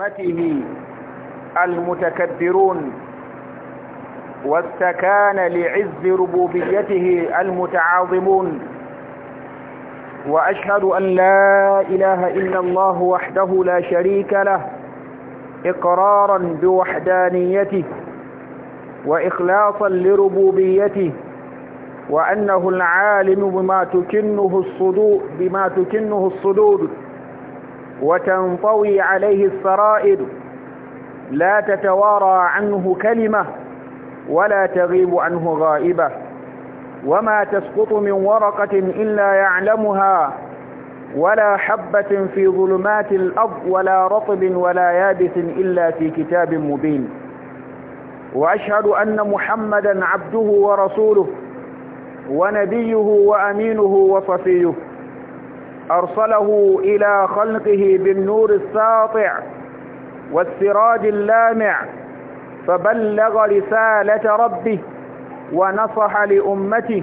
أمته المتكبرون واستكان لعز ربوبيته المتعاظمون وأشهد أن لا إله إلا الله وحده لا شريك له إقرارا بوحدانيته وإخلاصا لربوبيته وأنه العالم بما تكنه الصدور بما تكنه الصدور وتنطوي عليه السرائر لا تتوارى عنه كلمة ولا تغيب عنه غائبة وما تسقط من ورقة إلا يعلمها ولا حبة في ظلمات الأرض ولا رطب ولا يابس إلا في كتاب مبين وأشهد أن محمدا عبده ورسوله ونبيه وأمينه وصفيه أرسله إلى خلقه بالنور الساطع والسراج اللامع فبلغ رسالة ربه ونصح لأمته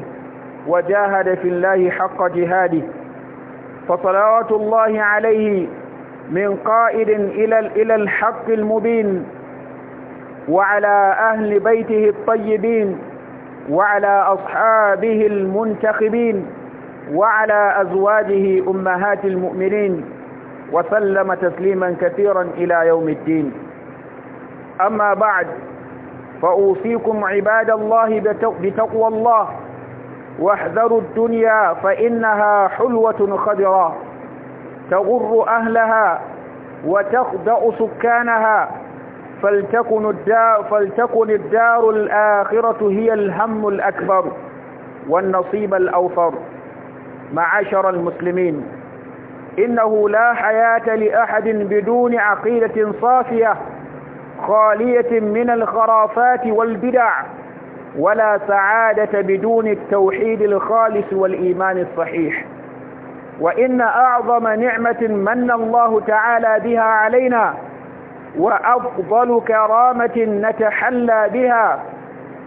وجاهد في الله حق جهاده فصلوات الله عليه من قائد إلى إلى الحق المبين وعلى أهل بيته الطيبين وعلى أصحابه المنتخبين وعلى أزواجه أمهات المؤمنين وسلم تسليما كثيرا إلى يوم الدين أما بعد فأوصيكم عباد الله بتقوى الله واحذروا الدنيا فإنها حلوة خضراء تغر أهلها وتخدأ سكانها فلتكن الدار, فلتكن الدار الآخرة هي الهم الأكبر والنصيب الأوفر معاشر المسلمين إنه لا حياة لأحد بدون عقيدة صافية خالية من الخرافات والبدع ولا سعادة بدون التوحيد الخالص والإيمان الصحيح وإن أعظم نعمة من الله تعالى بها علينا وأفضل كرامة نتحلى بها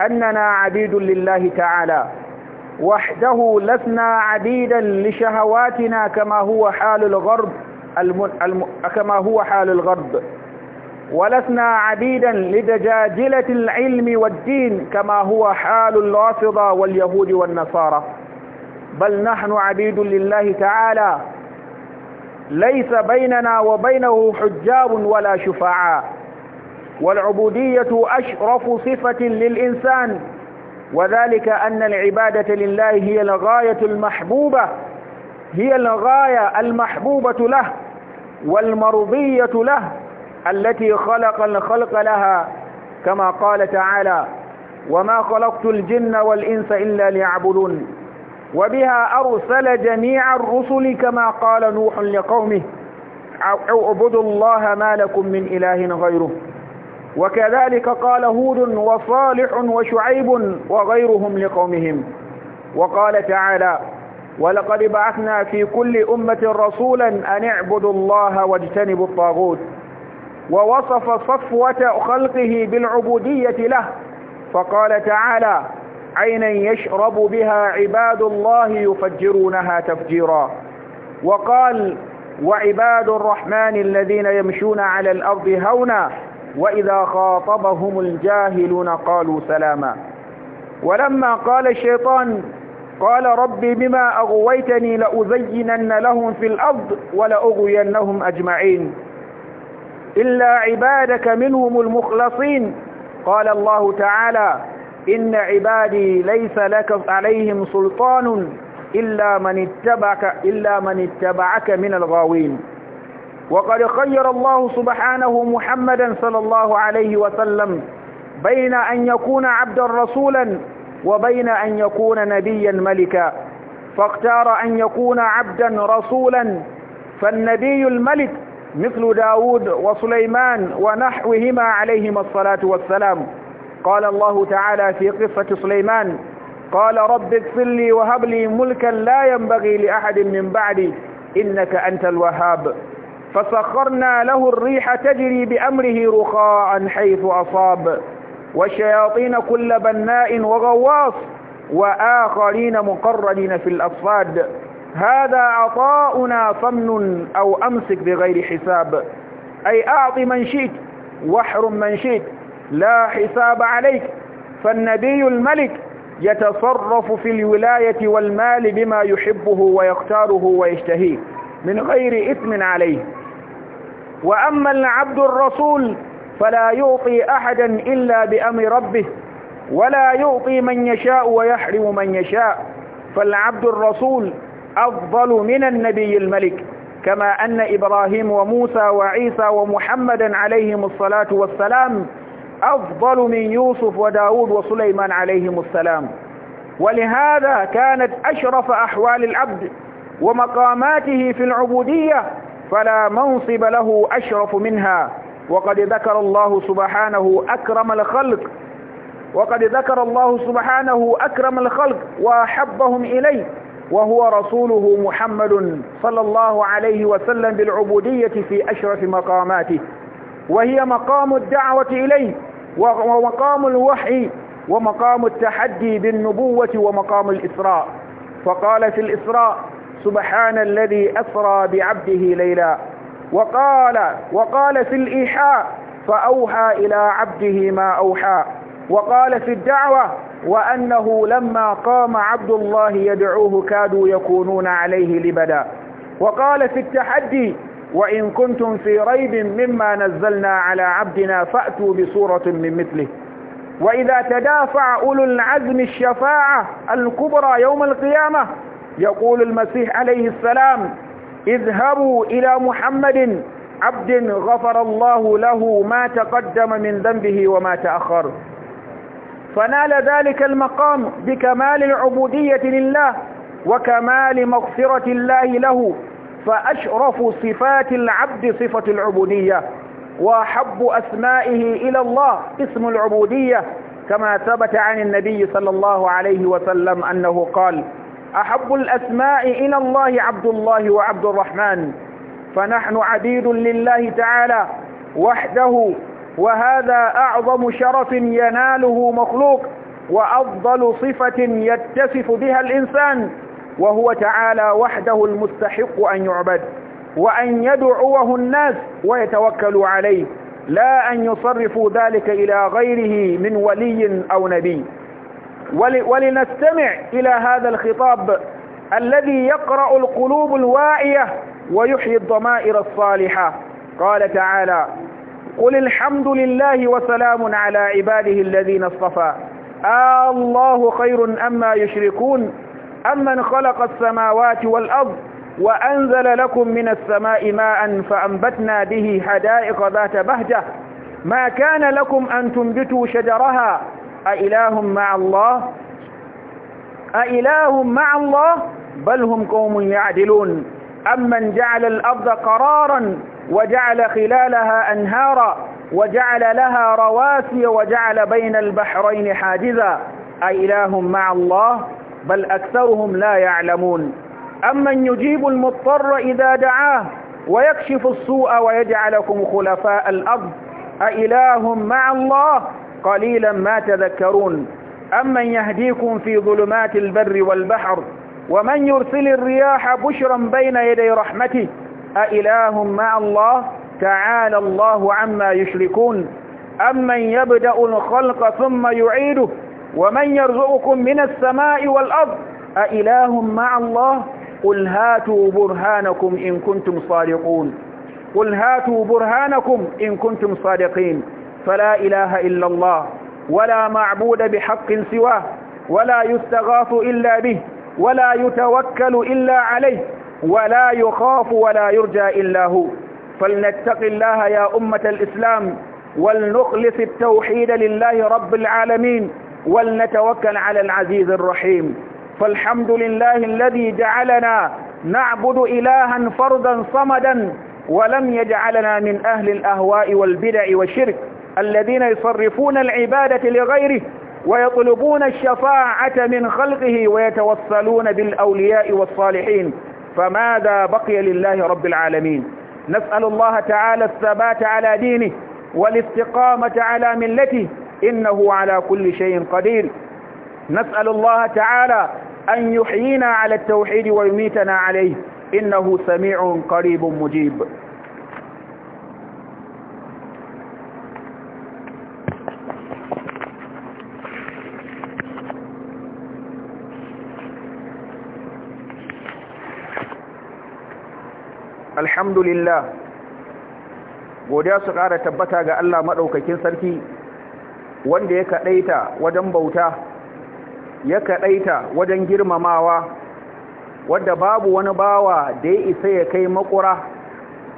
أننا عبيد لله تعالى وحده لسنا عبيدا لشهواتنا كما هو حال الغرب الم... الم... كما هو حال الغرب ولسنا عبيدا لدجاجلة العلم والدين كما هو حال الرافضة واليهود والنصارى بل نحن عبيد لله تعالى ليس بيننا وبينه حجاب ولا شفعاء والعبودية أشرف صفة للإنسان وذلك أن العبادة لله هي الغاية المحبوبة هي الغاية المحبوبة له والمرضية له التي خلق الخلق لها كما قال تعالى وما خلقت الجن والإنس إلا ليعبدون وبها أرسل جميع الرسل كما قال نوح لقومه اعبدوا الله ما لكم من إله غيره وكذلك قال هود وصالح وشعيب وغيرهم لقومهم وقال تعالى ولقد بعثنا في كل أمة رسولا أن اعبدوا الله واجتنبوا الطاغوت ووصف صفوة خلقه بالعبودية له فقال تعالى عينا يشرب بها عباد الله يفجرونها تفجيرا وقال وعباد الرحمن الذين يمشون على الأرض هونا وإذا خاطبهم الجاهلون قالوا سلاما ولما قال الشيطان قال رب بما أغويتني لأزينن لهم في الأرض ولأغوينهم أجمعين إلا عبادك منهم المخلصين قال الله تعالى إن عبادي ليس لك عليهم سلطان إلا من اتبعك إلا من اتبعك من الغاوين وقد خير الله سبحانه محمدا صلى الله عليه وسلم بين أن يكون عبدا رسولا وبين أن يكون نبيا ملكا فاختار أن يكون عبدا رسولا فالنبي الملك مثل داود وسليمان ونحوهما عليهما الصلاة والسلام قال الله تعالى في قصة سليمان قال رب اغفر لي وهب لي ملكا لا ينبغي لأحد من بعدي إنك أنت الوهاب فسخرنا له الريح تجري بأمره رخاء حيث أصاب والشياطين كل بناء وغواص وآخرين مقرنين في الأصفاد هذا عطاؤنا صمن أو أمسك بغير حساب أي أعط من شئت واحرم من شئت لا حساب عليك فالنبي الملك يتصرف في الولاية والمال بما يحبه ويختاره ويشتهيه من غير إثم عليه وأما العبد الرسول فلا يعطي أحدا إلا بأمر ربه ولا يعطي من يشاء ويحرم من يشاء فالعبد الرسول أفضل من النبي الملك كما أن إبراهيم وموسى وعيسى ومحمدا عليهم الصلاة والسلام أفضل من يوسف وداود وسليمان عليهم السلام ولهذا كانت أشرف أحوال العبد ومقاماته في العبودية فلا منصب له أشرف منها وقد ذكر الله سبحانه أكرم الخلق وقد ذكر الله سبحانه أكرم الخلق وأحبهم إليه وهو رسوله محمد صلى الله عليه وسلم بالعبودية في أشرف مقاماته وهي مقام الدعوة إليه ومقام الوحي ومقام التحدي بالنبوة ومقام الإسراء فقال في الإسراء سبحان الذي أسرى بعبده ليلا وقال وقال في الإيحاء فأوحى إلى عبده ما أوحى وقال في الدعوة وأنه لما قام عبد الله يدعوه كادوا يكونون عليه لبدا وقال في التحدي وإن كنتم في ريب مما نزلنا على عبدنا فأتوا بصورة من مثله وإذا تدافع أولو العزم الشفاعة الكبرى يوم القيامة يقول المسيح عليه السلام اذهبوا إلى محمد عبد غفر الله له ما تقدم من ذنبه وما تأخر فنال ذلك المقام بكمال العبودية لله وكمال مغفرة الله له فأشرف صفات العبد صفة العبودية وأحب أسمائه إلى الله اسم العبودية كما ثبت عن النبي صلى الله عليه وسلم أنه قال أحب الأسماء إلى الله عبد الله وعبد الرحمن فنحن عبيد لله تعالى وحده وهذا أعظم شرف يناله مخلوق وأفضل صفة يتصف بها الإنسان وهو تعالى وحده المستحق أن يعبد وأن يدعوه الناس ويتوكلوا عليه لا أن يصرفوا ذلك إلى غيره من ولي أو نبي ولنستمع إلى هذا الخطاب الذي يقرأ القلوب الواعية ويحيي الضمائر الصالحة قال تعالى قل الحمد لله وسلام على عباده الذين اصطفى آه الله خير أما يشركون أمن خلق السماوات والأرض وأنزل لكم من السماء ماء فأنبتنا به حدائق ذات بهجة ما كان لكم أن تنبتوا شجرها أإله مع الله أإله مع الله بل هم قوم يعدلون أمن جعل الأرض قرارا وجعل خلالها أنهارا وجعل لها رواسي وجعل بين البحرين حاجزا أإله مع الله بل أكثرهم لا يعلمون أمن يجيب المضطر إذا دعاه ويكشف السوء ويجعلكم خلفاء الأرض أإله مع الله قليلا ما تذكرون أمن يهديكم في ظلمات البر والبحر ومن يرسل الرياح بشرا بين يدي رحمته أإله مع الله تعالى الله عما يشركون أمن يبدأ الخلق ثم يعيده ومن يرزقكم من السماء والأرض أإله مع الله قل هاتوا برهانكم إن كنتم صادقون قل هاتوا برهانكم إن كنتم صادقين فلا إله إلا الله ولا معبود بحق سواه ولا يستغاث إلا به ولا يتوكل إلا عليه ولا يخاف ولا يرجى إلا هو فلنتق الله يا أمة الإسلام ولنخلص التوحيد لله رب العالمين ولنتوكل على العزيز الرحيم فالحمد لله الذي جعلنا نعبد إلها فردا صمدا ولم يجعلنا من أهل الأهواء والبدع والشرك الذين يصرفون العبادة لغيره ويطلبون الشفاعة من خلقه ويتوصلون بالأولياء والصالحين فماذا بقي لله رب العالمين نسأل الله تعالى الثبات على دينه والاستقامة على ملته إنه على كل شيء قدير نسأل الله تعالى أن يحيينا على التوحيد ويميتنا عليه إنه سميع قريب مجيب alhamdulillah godiya su ƙara tabbata ga Allah maɗaukakin sarki wanda ya kaɗaita wajen bauta ya kaɗaita wajen girmamawa wadda babu wani bawa da ya isa ya kai makura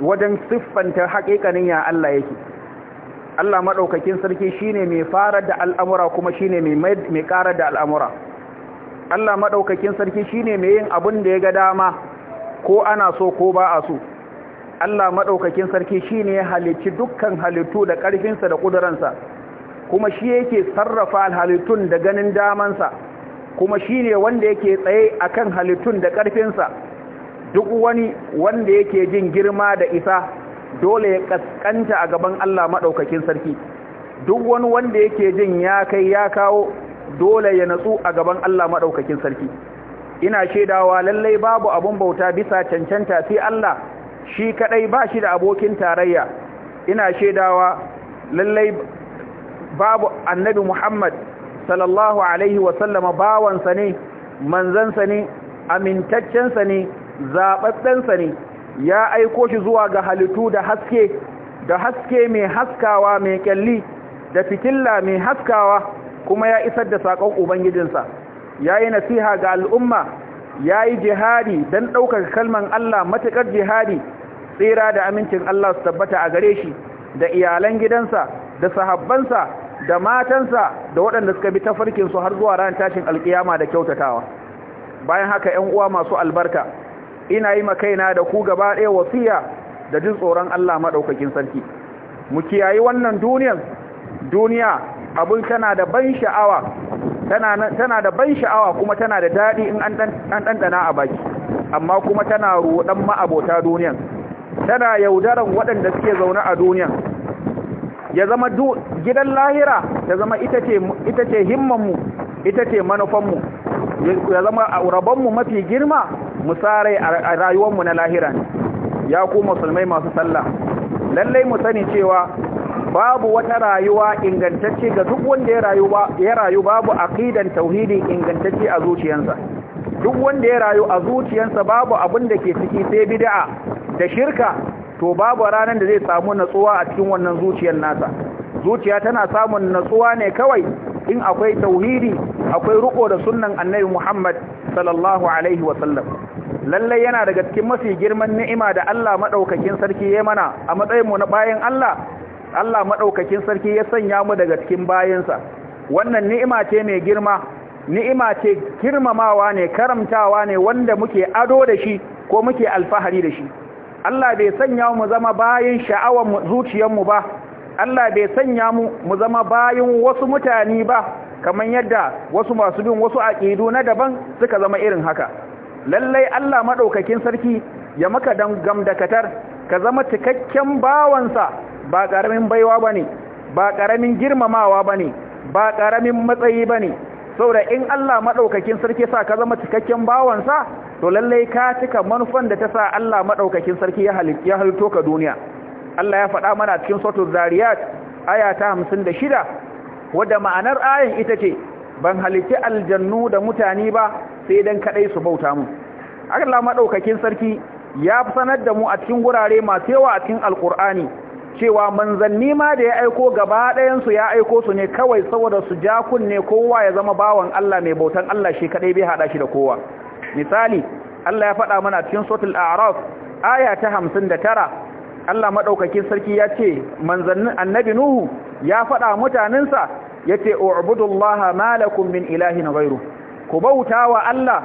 wajen siffanta haƙiƙanin ya Allah yake Allah maɗaukakin sarki shine mai fara da al'amura kuma shine mai ƙara da al'amura Allah maɗaukakin sarki shine mai yin abin da ya ga dama ko ana so ko ba a so Allah maɗaukakin sarki shi ne ya halicci dukkan halittu da ƙarfinsa da ƙuduransa kuma shi yake sarrafa halittun da ganin damansa kuma shi ne wanda yake tsaye a kan halittun da ƙarfinsa duk wani wanda yake jin girma da isa dole ya ƙasƙanta a gaban Allah maɗaukakin sarki duk wani wanda yake jin ya kai ya kawo dole ya natsu a gaban Allah maɗaukakin sarki ina shaidawa lallai babu abun bauta bisa cancanta sai Allah shi kadai ba shi da abokin tarayya ina shaidawa lallai babu annabi Muhammad sallallahu alaihi wasallama bawansa ne manzansa ne amintaccensa ne zaɓaɓɓensa ne ya aiko shi zuwa ga halittu da haske da haske mai haskawa mai kyalli da fitilla mai haskawa kuma ya isar da saƙon ubangijinsa ya yi nasiha ga al'umma ya yi jihadi don ɗaukar kalman Allah matuƙar jihadi tsira da amincin Allah su tabbata a gare shi da iyalan gidansa da sahabbansa da matansa da waɗanda suka bi tafarkinsu har zuwa ran tashin alƙiyama da kyautatawa bayan haka ‘yan uwa masu albarka ina yi makaina da ku gaba ɗaya wasiya da jin tsoron Allah maɗaukakin sarki mu kiyayi wannan duniyar duniya abun tana da ban sha'awa tana da ban sha'awa kuma tana da daɗi in an ɗanɗana a baki amma kuma tana roɗan ma'abota duniya, tana yaudaran waɗanda suke zaune a duniya, ya zama gidan lahira ta zama ita ce himmanmu ita ce manufanmu ya zama rabonmu mafi girma musarai a mu na lahira ne ya ku musulmai masu sallah lallai mu sani cewa babu wata rayuwa ingantacce ga duk wanda ya rayu babu aqidan tauhidi ingantacce a zuciyarsa duk wanda ya rayu a zuciyarsa babu abin da ke ciki sai bida'a da shirka to babu ranar da zai samu natsuwa a cikin wannan zuciyar nasa zuciya tana samun natsuwa ne kawai in akwai tauhidi akwai ruko da sunnan annabi Muhammad sallallahu alaihi wa sallam lalle yana daga cikin mafi girman ni'ima da Allah madaukakin sarki ya mana a matsayin mu na bayan Allah Allah maɗaukakin sarki ya sanya mu daga cikin bayansa wannan ni'ima ce mai girma ni'ima ce girmamawa ne karamtawa ne wanda muke ado da shi ko muke alfahari da shi Allah bai sanya mu zama bayin sha'awar zuciyarmu ba Allah bai sanya mu mu zama bayin wasu mutane ba kamar yadda wasu masu bin wasu aqidu na daban suka zama irin haka lallai Allah maɗaukakin sarki ya maka dangamdakatar ka zama cikakken bawansa ba ƙaramin baiwa ba ne ba ƙaramin girmamawa ba ne ba ƙaramin matsayi ba ne saboda in Allah maɗaukakin sarki sa ka zama cikakken bawansa to lallai ka cika manufan da ta sa Allah maɗaukakin sarki ya halitto ka duniya Allah ya faɗa mana cikin sautul zariyat aya ta hamsin da shida wadda ma'anar ayan ita ce ban halitti aljannu da mutane ba sai dan kaɗai su bauta mu Allah maɗaukakin sarki ya sanar da mu a cikin gurare masu yawa a cikin alƙur'ani cewa manzanni ma da ya aiko gaba ɗayansu ya aiko su ne kawai saboda su ja kunne kowa ya zama bawan Allah mai bautan Allah shi kaɗai bai haɗa shi da kowa misali Allah ya faɗa mana cikin suratul a'raf aya ta hamsin da tara. Allah maɗaukakin sarki ya ce manzannin annabi nuhu ya faɗa mutanensa yace u'budullaha malakun lakum min na ghairu ku bautawa Allah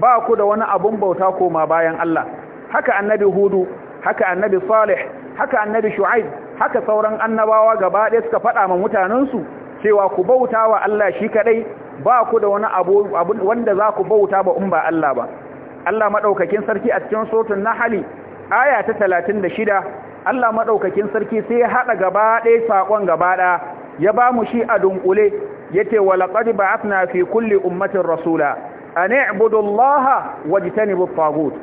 ba ku da wani abun bauta koma bayan Allah haka annabi hudu haka annabi salih haka annabi shu'aib haka sauran annabawa gaba ɗaya suka faɗa ma mutanensu cewa ku bauta wa Allah shi kaɗai ba ku da wani abu wanda za ku bauta ba in ba Allah ba Allah maɗaukakin sarki a cikin sotun nahali aya ta talatin da shida Allah maɗaukakin sarki sai ya haɗa gaba ɗaya saƙon gaba ɗaya ya ba mu shi a dunƙule ya ce wa laƙad ba'athna fi kulli ummatin rasula an i'budu Allah wajtanibu at-taghut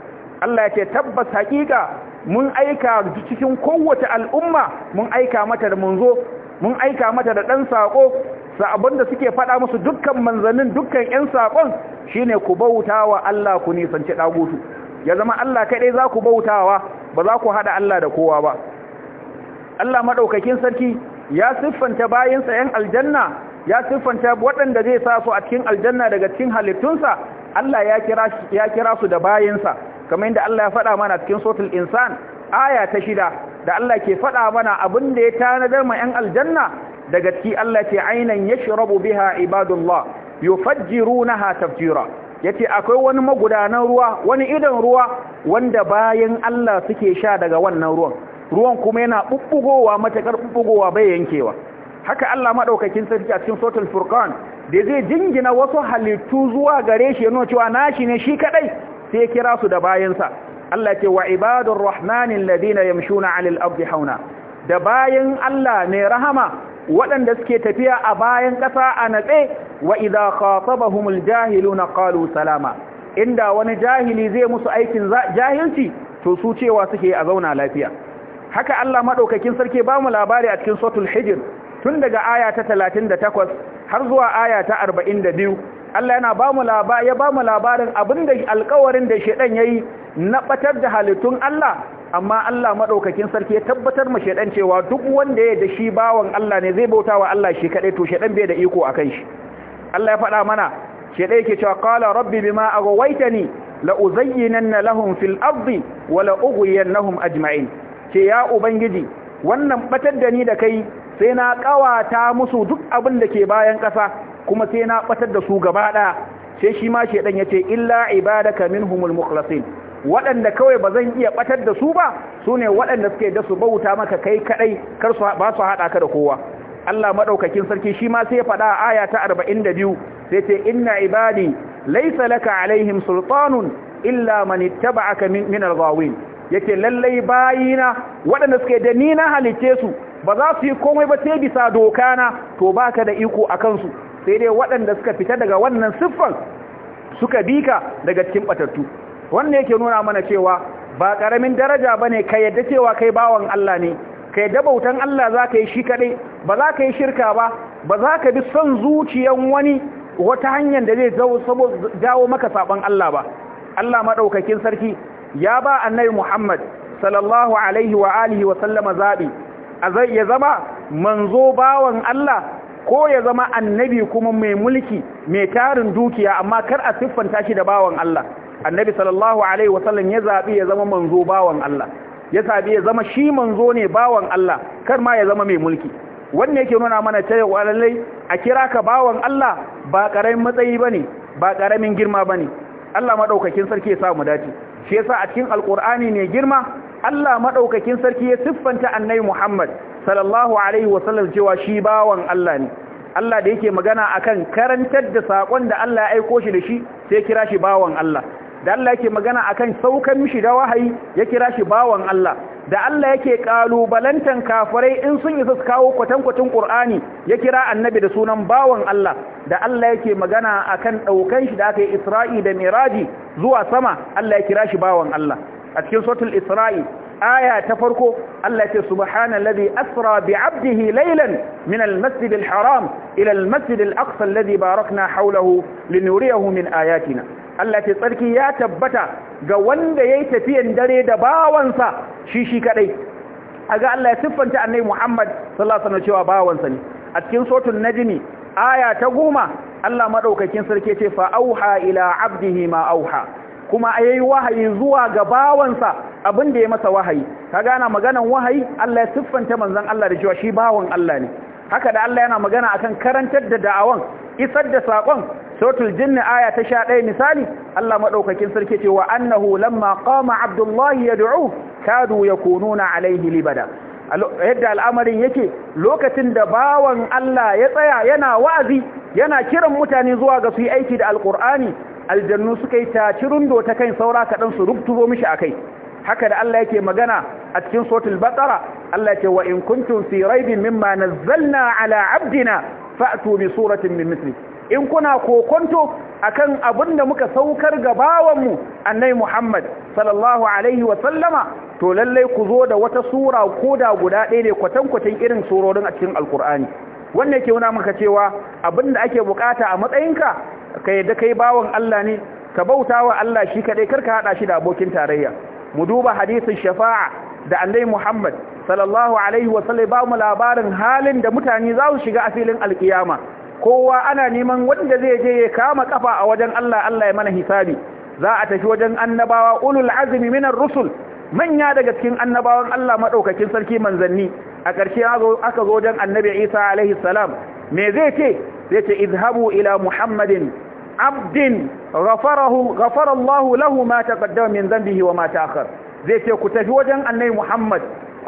Allah ya ce tabbas haƙiƙa mun aika cikin kowace al'umma mun aika mata da munzo mun aika mata da ɗan saƙo sabon da suke faɗa musu dukkan manzannin dukkan 'yan saƙon shine ku bautawa wa Allah ku nisanci ɗagutu ya zama Allah kaɗai za ku bautawa ba za ku haɗa Allah da kowa ba Allah maɗaukakin sarki ya siffanta bayansa 'yan aljanna ya siffanta waɗanda zai sa su a cikin aljanna daga cikin halittunsa Allah ya kira su da bayansa kamar yadda Allah ya faɗa mana cikin suratul insan aya ta shida da Allah ke faɗa mana abin da ya tanadar ma 'yan aljanna daga ciki Allah ce ainihin ya shirabu biha ibadullah yufajjirunaha ya ce akwai wani magudanan ruwa wani idan ruwa wanda bayan Allah suke sha daga wannan ruwan ruwan kuma yana bubbugowa matakar bubbugowa bai yankewa haka Allah madaukakin sarki a cikin suratul furqan da zai jingina wasu halittu zuwa gare shi yana cewa nashi ne shi kadai sai kira su da bayansa Allah ce wa ibadun rahmanin ladina yamshuna alil ardi hauna da bayan Allah ne rahama waɗanda suke tafiya a bayan ƙasa a natse wa idza khatabahumul jahiluna qalu salama inda wani jahili zai musu aikin jahilci to su cewa suke a zauna lafiya haka Allah madaukakin sarki ba mu labari a cikin suratul hijr tun daga aya ta 38 har zuwa aya ta 42 Allah yana ba mu labari ya ba mu labarin abinda alƙawarin da shedan yayi na batar da halittun Allah amma Allah madaukakin sarki ya tabbatar ma shedan cewa duk wanda ya da shi bawan Allah ne zai bautawa Allah shi kadai to shedan bai da iko akan shi Allah ya faɗa mana shedan yake cewa qala rabbi bima aghwaytani la uzayyinanna lahum fil ardi wa la ughwiyannahum ajma'in ce ya ubangiji wannan batar da ni da kai sai na kawata musu duk abin da ke bayan ƙasa kuma sai na batar da su gaba ɗaya sai shi ma shedan yace illa ibadaka minhumul mukhlasin waɗanda kawai ba zan iya batar da su ba sune waɗanda suke da su bauta maka kai kaɗai kar su ba su hada ka da kowa Allah maɗaukakin sarki shi ma sai faɗa a aya ta 42 sai ce inna ibadi laysa laka alaihim sultanun illa man ittaba'aka min al-ghawin yake lallai bayina waɗanda suke da ni na halice su ba za su yi komai ba sai bisa doka na to baka da iko a kansu sai dai waɗanda suka fita daga wannan siffar suka bika daga cikin batattu wannan yake nuna mana cewa ba karamin daraja bane ka yadda cewa kai bawan Allah ne Kai da bautan Allah za ka yi shi kaɗai ba za ka yi shirka ba ba za ka bi son zuciyan wani wata hanyar da zai jawo maka saban Allah ba Allah maɗaukakin sarki ya ba annabi Muhammad sallallahu alaihi wa alihi wa sallama zaɓi azai ya zama manzo bawan Allah ko ya zama annabi kuma mai mulki mai tarin dukiya amma kar a siffanta shi da bawan Allah annabi sallallahu alaihi wasallam ya zabi ya zama manzo bawan Allah ya zabi ya zama shi manzo ne bawan Allah kar ma ya zama mai mulki wanne yake nuna mana cewa lallai a kira ka bawan Allah ba karamin matsayi bane ba karamin girma bane Allah madaukakin sarki ya sa mu dace shi yasa a cikin alqur'ani ne girma Allah maɗaukakin sarki ya siffanta annai Muhammad sallallahu Alaihi wasallam cewa shi bawan Allah ne. Allah da yake magana akan karantar da saƙon da Allah ya aiko shi da shi sai kira shi bawan Allah. Da Allah yake magana akan saukan mishi da wahayi ya kira shi bawan Allah. Da Allah yake ƙalubalantan kafirai in sun yi su kawo kwatankwacin Ƙur'ani ya kira annabi da sunan bawan Allah. Da Allah yake magana akan ɗaukan shi da aka yi Isra'i da Miraji zuwa sama Allah ya kira shi bawan Allah. a cikin suratul isra'i aya ta farko Allah ce subhanallazi asra bi 'abdihi laylan min al-masjid haram ila al-masjid al-aqsa alladhi barakna hawlahu linuriyahu min ayatina Allah ce tsarki ya tabbata ga wanda yayi tafiyan dare da bawansa shi shi kadai aga Allah ya siffanta annabi Muhammad sallallahu alaihi wasallam cewa bawansa ne a cikin suratul najmi aya ta goma Allah madaukakin sarki ce fa auha ila 'abdihi ma auha kuma a yayi wahayi zuwa ga bawansa abin da ya masa wahayi ka gana maganan wahayi Allah ya siffanta manzon Allah da cewa shi bawan Allah ne haka da Allah yana magana akan karantar da da'awan isar da sakon suratul jinn aya ta 11 misali Allah madaukakin sarki ce wa annahu lamma qama abdullahi yad'u kadu yakununa alaihi libada yadda al'amarin yake lokacin da bawan Allah ya tsaya yana wa'azi yana kiran mutane zuwa ga su yi aiki da alkur'ani aljannu suka yi rundo ta kan saura kaɗan su rubtubo mishi a kai haka da Allah yake magana a cikin sotul batsara Allah ce wa in kuntum fi raibin mimma nazzalna ala abdina fa'tu bi suratin min mithli in kuna kokonto akan abin da muka saukar ga mu annabi Muhammad sallallahu alaihi wa sallama to lallai ku zo da wata sura koda guda ɗaya ne kwatankwatan irin surorin a cikin alkur'ani wannan ke nuna maka cewa abin da ake bukata a matsayinka ka yadda kai bawan Allah ne ka bauta wa Allah shi kaɗai karka haɗa shi da abokin tarayya mu duba hadisin shafa'a da annabi Muhammad sallallahu alaihi wa sallam ba mu labarin halin da mutane za su shiga a filin alkiyama kowa ana neman wanda zai je ya kama kafa a wajen Allah Allah ya mana hisabi za a tafi wajen annabawa ulul azmi minar rusul manya daga cikin annabawan Allah madaukakin sarki manzanni a ƙarshe aka zo wajen annabi Isa alaihi salam me zai ce zai ce izhabu ila muhammadin abdin rafarallahu lahu ma taqaddama min dhanbihi wa ma ta'akhkhar zai ce ku tafi wajen annabi muhammad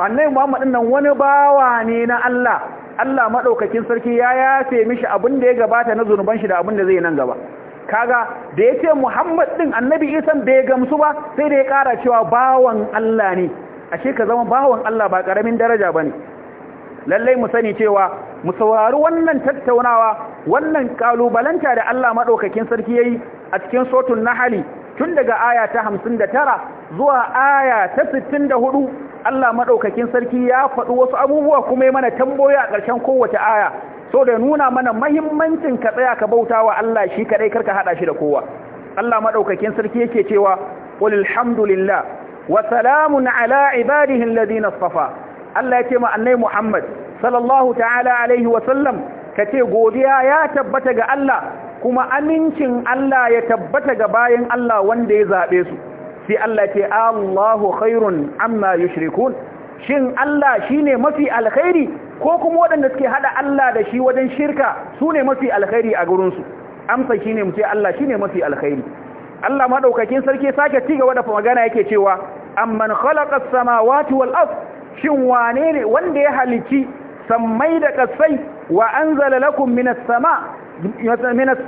annabi muhammad nan wani bawa ne na Allah Allah madaukakin sarki ya yafe mishi abin da ya gabata na zunuban shi da abin da zai nan gaba kaga da yace muhammad din annabi isan bai gamsu ba sai da ya kara cewa bawan Allah ne ashe ka zama bawan Allah ba karamin daraja bane lallai mu sani cewa mu saurari wannan tattaunawa wannan kalubalanta da Allah madaukakin sarki yayi a cikin sotun hali. tun daga aya ta 59 zuwa aya ta 64 Allah madaukakin sarki ya faɗi wasu abubuwa kuma ya mana tamboyi a ƙarshen kowace aya so da nuna mana mahimmancin ka tsaya ka bautawa Allah shi kadai karka hada shi da kowa Allah madaukakin sarki yake cewa qul alhamdulillah wa salamun ala ibadihi alladhina istafa Allah ya ce ma annai Muhammad sallallahu ta'ala alaihi wa sallam ce godiya ya tabbata ga Allah kuma amincin Allah ya tabbata ga bayin Allah wanda ya zaɓe su sai Allah ce Allahu khairun amma yushrikun shin Allah shine mafi alkhairi ko kuma waɗanda suke hada Allah da shi wajen shirka su ne mafi alkhairi a gurin su amsa shine mu ce Allah shine mafi alkhairi Allah madaukakin sarki sake ci gaba da magana yake cewa amman khalaqa samawati wal ardh shin wane ne wanda ya halici sammai da ƙasai wa anzala lakum minas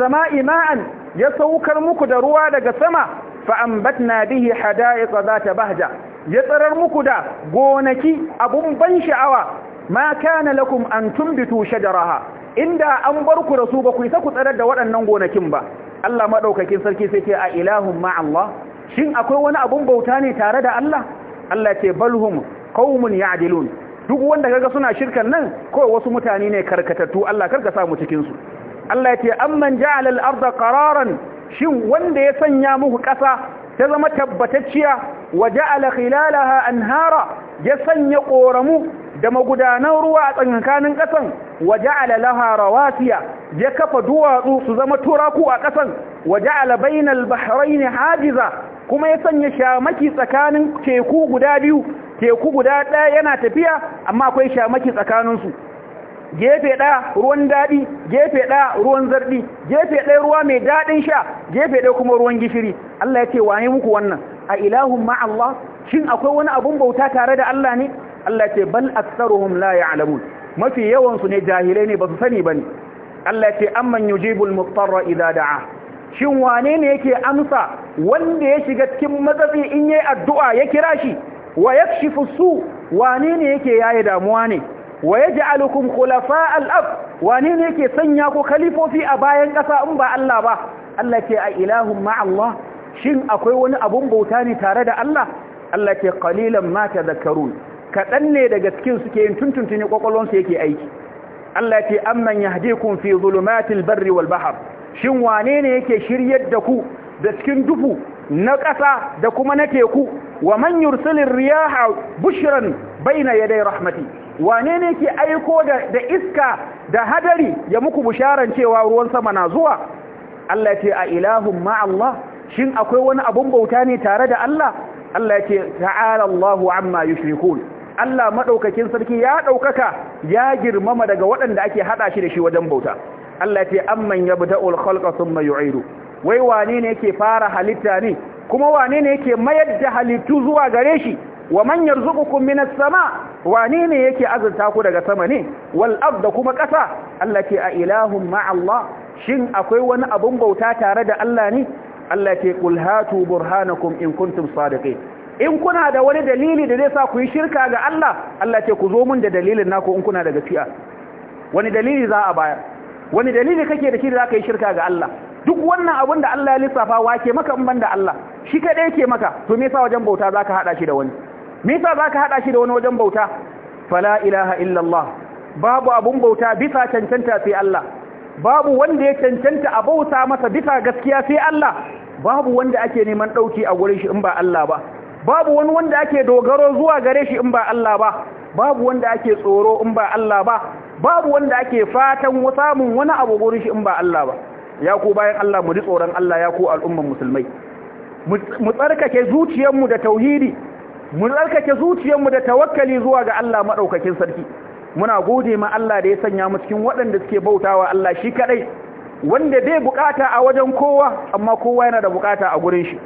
ma'an ya saukar muku da ruwa daga sama Fa'ambat na bihi za ta bahja ya tsarar muku da gonaki abun ban sha'awa ma kana lakum an tumbitu shajaraha inda an bar ku da su ba ku isa ku tsarar da waɗannan gonakin ba Allah maɗaukakin sarki sai ce a ilahun ma Allah shin akwai wani abun bauta ne tare da Allah Allah ce balhum qaumun ya'dilun duk wanda kaga suna shirkan nan kawai wasu mutane ne karkatattu Allah karka sa mu cikin su Allah ya ce amman ja'ala al-ardha qararan shin wanda ya sanya muku ƙasa ta zama tabbatacciya wa ja'ala khilalaha anhara ya sanya koramu da magudanan ruwa a tsakankanin ƙasan wa ja'ala laha rawasiya ya kafa duwatsu su zama turaku a ƙasan wa ja'ala bainal bahrayn hajiza kuma ya sanya shamaki tsakanin teku guda biyu teku guda ɗaya yana tafiya amma akwai shamaki tsakaninsu gefe ɗaya ruwan daɗi gefe ɗaya ruwan zarɗi gefe ɗaya ruwa mai daɗin sha gefe ɗaya kuma ruwan gishiri Allah ya ce waye muku wannan a ilahun ma'allah shin akwai wani abun bauta tare da Allah ne Allah ce bal aktsaruhum la ya'lamun mafi yawan su ne jahilai ne ba su sani bane Allah ce amman yujibul muttarra idza da'a shin wane ne yake amsa wanda ya shiga cikin matsatsi in yayi addu'a ya kira shi wa yakshifu su wane ne yake yaye damuwa ne wa ji khulafa kulafa ard wane ne yake sanya ku kalifofi a bayan ƙasa in ba Allah ba Allah ce a ilahun ma'allah shin akwai wani abun bauta ne tare da Allah Allah ce qalilan ma tadhakkarun kaɗan ne daga cikin suke yin tuntuntuni kwakwalwansu yake aiki Allah ce amman kun fi zulumatil barri wal shin wane ne yake shiryar da ku da cikin duhu na ƙasa da kuma na teku wa man yursilir riyaha bushran baina yaday rahmati wane ne ke aiko da da iska da hadari ya muku bisharan cewa ruwan sama na zuwa Allah ce a ilahun ma Allah shin akwai wani abun bauta ne tare da Allah Allah ce ta'ala Allahu amma yushrikun Allah madaukakin sarki ya daukaka ya girmama daga waɗanda ake hada shi da shi wajen bauta Allah ce amman yabda'ul khalqa thumma yu'idu wai wane ne yake fara halitta ne kuma wane ne yake mayar da halittu zuwa gare shi wa man yarzuqukum minas sama wane ne yake azurta ku daga sama ne wal da kuma ƙasa Allah ke a ilahun ma Allah shin akwai wani abun bauta tare da Allah ne Allah ke kul hatu burhanakum in kuntum sadiqin in kuna da wani dalili da zai sa ku yi shirka ga Allah Allah ce ku zo mun da dalilin naku in kuna da gaskiya wani dalili za a bayar wani dalili kake da shi da za ka yi shirka ga Allah duk wannan abin da Allah ya lissafa wake maka in banda Allah shi kadai yake maka to me yasa wajen bauta zaka hada shi da wani me yasa zaka hada shi da wani wajen bauta fala ilaha illa Allah babu abun bauta bisa cancanta sai Allah babu wanda ya cancanta a bauta masa bisa gaskiya sai Allah babu wanda ake neman dauki a gurin shi in ba Allah ba babu wani wanda ake dogaro zuwa gare shi in ba Allah ba babu wanda ake tsoro in ba Allah ba babu wanda ake fatan samun wani abu gurin shi in ba Allah ba ya ku bayan Allah mu ji tsoron Allah ya ku al'umman musulmai mu tsarkake zuciyarmu da tauhidi mu tsarkake zuciyarmu da tawakkali zuwa ga Allah madaukakin sarki muna gode ma Allah da ya sanya mu cikin waɗanda suke bautawa Allah shi kadai wanda bai bukata a wajen kowa amma kowa yana da bukata a gurin shi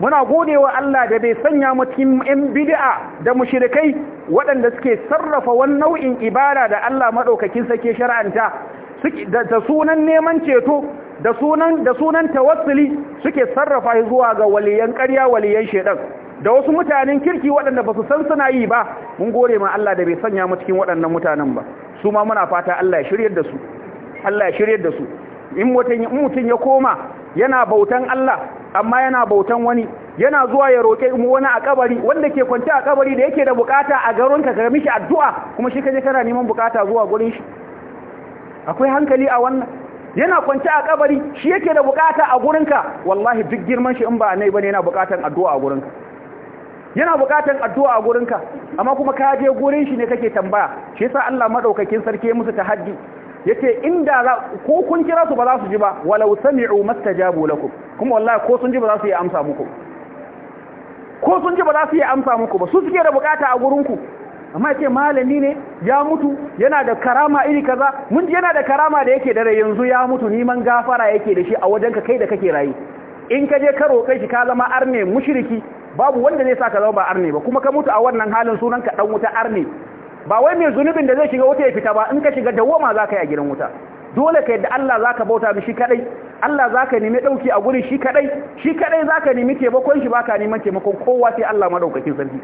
muna gode wa Allah da bai sanya mu cikin yan bid'a da mushrikai waɗanda suke sarrafa wani nau'in ibada da Allah madaukakin sarki shar'anta da sunan neman ceto da sunan da sunan tawassuli suke sarrafa zuwa ga waliyan ƙarya waliyan shedan da wasu mutanen kirki waɗanda ba su san suna yi ba mun gore ma Allah da bai sanya mu cikin waɗannan mutanen ba su ma muna fata Allah ya shiryar da su Allah ya shiryar da su in mutum ya koma yana bautan Allah amma yana bautan wani yana zuwa ya roƙe mu wani a kabari wanda ke kwance a kabari da yake da bukata a garin ka ga mishi addu'a kuma shi kaje kana neman bukata zuwa gurin shi akwai hankali a wannan yana kwance a kabari shi yake da bukata a gurinka wallahi duk girman shi in ba nai bane yana bukatan addu'a a gurinka yana bukatan addu'a a gurinka amma kuma ka je gurin shi ne kake tambaya shi yasa Allah madaukakin sarki ya musu tahaddi yace inda za ko kun kira su ba za su ji ba walau sami'u mastajabu lakum kuma wallahi ko sun ji ba za su yi amsa muku ko sun ji ba za su yi amsa muku ba su suke da bukata a gurinku amma ce malami ne ya mutu yana da karama iri kaza mun yana da karama da yake dare yanzu ya mutu neman gafara yake da shi a wajen ka kai da kake rayu in ka je ka roƙe shi ka zama arne mushriki babu wanda zai sa ka zama ba arne ba kuma ka mutu a wannan halin sunan ka dan wuta arne ba wai mai zunubin da zai shiga wuta ya fita ba in ka shiga dawoma za ka yi a gidan wuta dole ka yadda Allah za ka bauta da shi kadai Allah za ka nemi ɗauki a gurin shi kadai shi kadai za ka nemi taimakon shi ba ka neman taimakon kowa sai Allah maɗaukakin sarki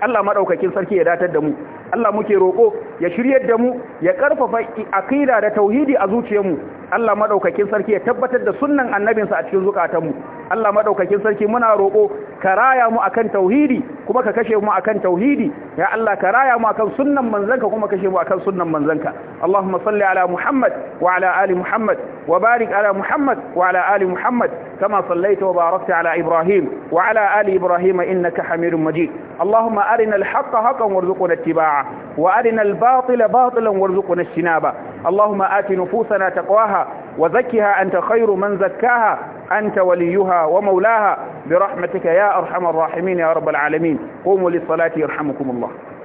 Allah maɗaukakin sarki ya datar da mu Allah muke roko ya shiryar da mu ya karfafa aqida da tauhidi a zuciyarmu Allah maɗaukakin sarki ya tabbatar da sunnan annabinsa a cikin zukatanmu Allah maɗaukakin sarki muna roko ka raya mu akan tauhidi kuma ka kashe mu akan tauhidi ya Allah ka raya mu akan sunan manzanka kuma kashe mu akan sunan manzanka Allahumma salli ala Muhammad wa ala ali Muhammad وبارك على محمد وعلى آل محمد كما صليت وباركت على إبراهيم وعلى آل إبراهيم إنك حميد مجيد اللهم أرنا الحق حقا وارزقنا اتباعه وأرنا الباطل باطلا وارزقنا الشنابة اللهم آت نفوسنا تقواها وزكها أنت خير من زكاها أنت وليها ومولاها برحمتك يا أرحم الراحمين يا رب العالمين قوموا للصلاة يرحمكم الله